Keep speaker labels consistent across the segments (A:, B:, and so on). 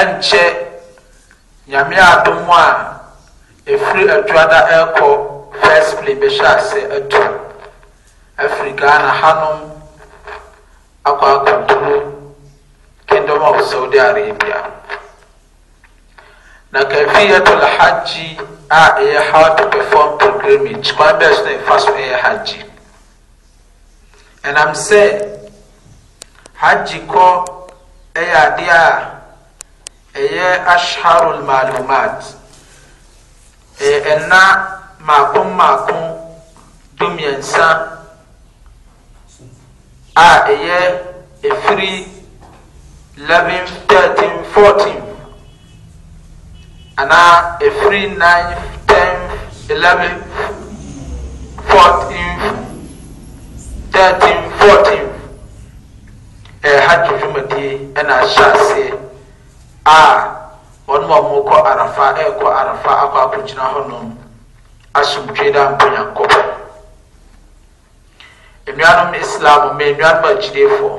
A: ɛnkyɛ nyame adom a ɛfiri aduada ɛrekɔ first play bɛhyɛ ase atu afiri ghana hanom akɔ akɔntoro kingdom of saudi arabia na kɛfiyɛto lahagye a ɛyɛ how to perform pilgrimage kwan bɛɛ so na ɛfa so ɛyɛ hagye ɛnam sɛ hagye kɔ ɛyɛ adeɛ a ɛyɛ asharul malumat ɛyɛ e ɛna mako mako dumiɛnsa a ɛyɛ efiri eleven thirteen fourteen anaa efiri nine ten eleven fourteen thirteen fourteen ɛyɛ e hajj dwumadie ɛna ahyɛ aseɛ. a e wɔn a wɔkɔ arafa ɛrekɔ arafa akɔ akɔgyina hɔnom asomdwe da mponyankɔpɔ nnuanom islam mɛ nnuanom agyilefoɔ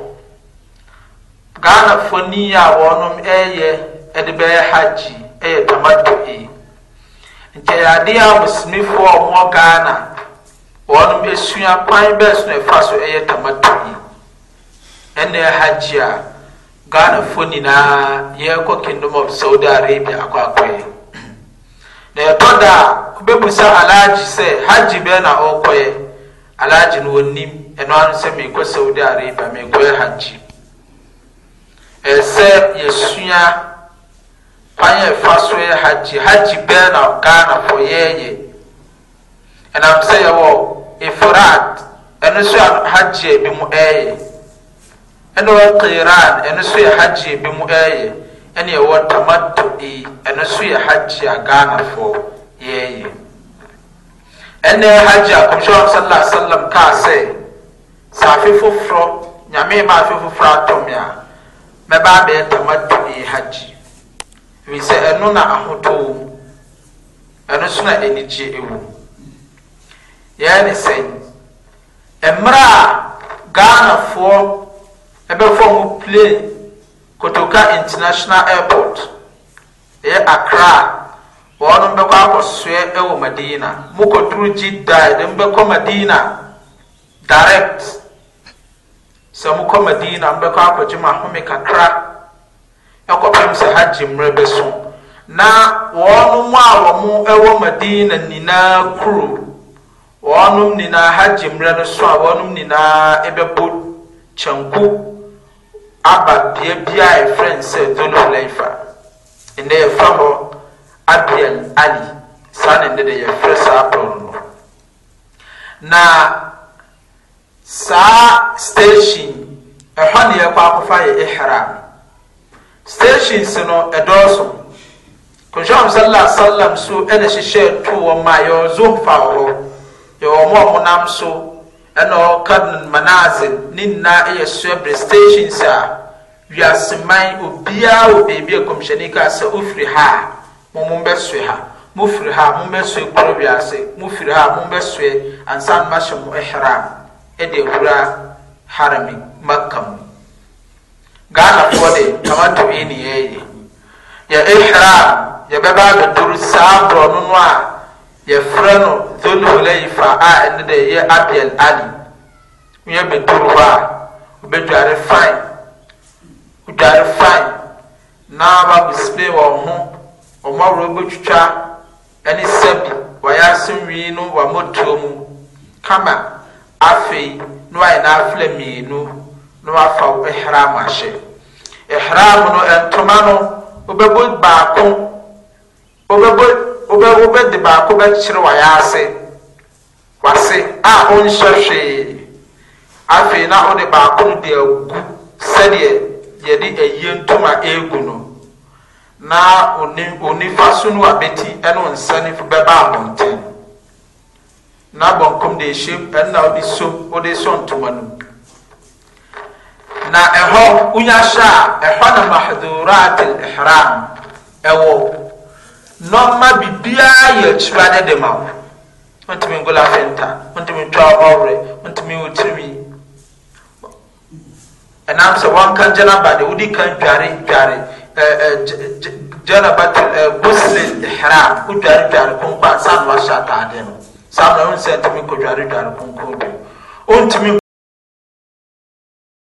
A: ghanafoɔ ni a wɔnom ɛreyɛ ɛde bɛyɛ hajji ɛyɛ tamato yi nti a musulmifoɔ a wɔwɔ ghana wɔnom esua kwan bɛɛ so na ɛfa so ɛyɛ tamato yi ɛna ɛhajji a. ghana fo nyinaa yɛrekɔ kingdom of saudi arabia akɔ akɔyɛ na yɛtɔ da a wobɛbusa alagye sɛ hagye bɛɛ na ɔrekɔyɛ alagye no wɔnim ɛno ano sɛ merekɔ saudi arabia merekɔyɛ hagye ɛyɛ sɛ yɛsua kwan a ɛfa so yɛ hagye hagye bɛɛ na ghana fo yɛɛyɛ ɛnam sɛ yɛwɔ eforat ɛno so a hagye e mu ɛɛyɛ ɛna ɛwɔ qiran ɛno nso yɛ hajj bi mu ɛɛyɛ ɛna ɛwɔ tamato yi ɛno nso yɛ hajj a ghanafoɔ yɛɛyɛ ɛna hajj a kɔmhyɛn sallallahu alaihi wa sallam kaa sɛ saafe foforɔ nyame ma afe foforɔ atɔ me a mɛba abɛyɛ tamato yi hajj fi sɛ ɛno na ahotɔ wɔ mu ɛno nso na anigye wɔ mu yɛɛ ne sɛn mmerɛ a ghanafoɔ bɛfam plane kotoka international airport ɛyɛ accra wɔn bɛkɔ akɔsoɛ ɛwɔ madina mu kɔduru jidda ɛdɛm bɛkɔ madina direct sɛ mu kɔ madina mu bɛkɔ akɔgye mu ahome kakra ɛkɔpem sɛ hagye mmerɛ bɛso na wɔn mu a wɔn ɛwɔ madina nyinaa kuro wɔn nyinaa hagye mmerɛ no so a wɔn nyinaa ɛbɛbɔ kyɛnku. aba bea bi a yɛfrɛ no sɛ dololeifa nnɛ yɛfrɛ hɔ abiel ali saa ne nnɛ de yɛfrɛ saa pɔn no na saa station ɛhɔ ne yɛkɔ akɔfa yɛ ihram stations no ɛdɔɔso kòhwɛm sallallahu alaihi wasallam so ɛna hyehyɛ to wɔn ma yɛwɔ zofa wɔ hɔ yɛwɔ mo a nam so ɛna ɔka manazil ne nyinaa yɛ sɛbrɛ stations a wiaseman obiara wɔ beebi a kɔmhyɛni kaa sɛ ofiri ha a mo mo bɛsoe ha mofiri firi ha mo bɛsoe koro wiase mofiri firi ha mo bɛsoe ansa no mahyɛ mo ihram ɛde awura harami makka mu ghanafoɔ de tamato yi ne yɛyɛ yɛ ihram yɛbɛba abɛduru saa borɔ no no a yɛfrɛ no dhulhulaifa a ɛne de yɛ abiel ali woyɛ bɛduru hɔ a wobɛdware fae wodware fae na babosipee wɔn ho wɔn aworɔ bɛtwitwa ne sɛbi wɔyɛ asomwi no wɔ motuo mu kama afei na wayɛ n'afla mmienu na wafa ihram ahyɛ ihram no ntoma no wobɛbɔ baako wobɛbɔ wobɛ wobɛde baako bɛkyerɛ wɔyɛ ase wase a ɔnhyɛ hwee afei na wode baako no de agu sɛdeɛ yɛde ayie ntoma egu no na onifa so no abeti bɛti ɛne nsa no bɛba abɔnten na bɔnkom de ehyem ɛne na wode som wode sɔ ntoma no na ɛhɔ wonya hyɛ a ɛhɔ na mahdurat ihram ɛwɔ nɔɔma bibiara yɛ akyirade de ma wo ntumi ngola fenta ntumi twa ɔwrɛ ntumi wuti ɛnam sɛ wɔnka janaba de wodi kan dware dware janaba gosle ihram wo dware dware konko a saa na wahyɛ ataade no saa na wo nsɛ ntumi dware konko bio wontumi